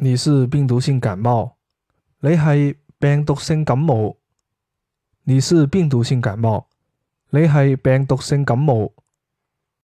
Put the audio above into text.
你是病毒性感冒，你係病毒性感冒，你是病毒性感冒，你係病毒性感冒。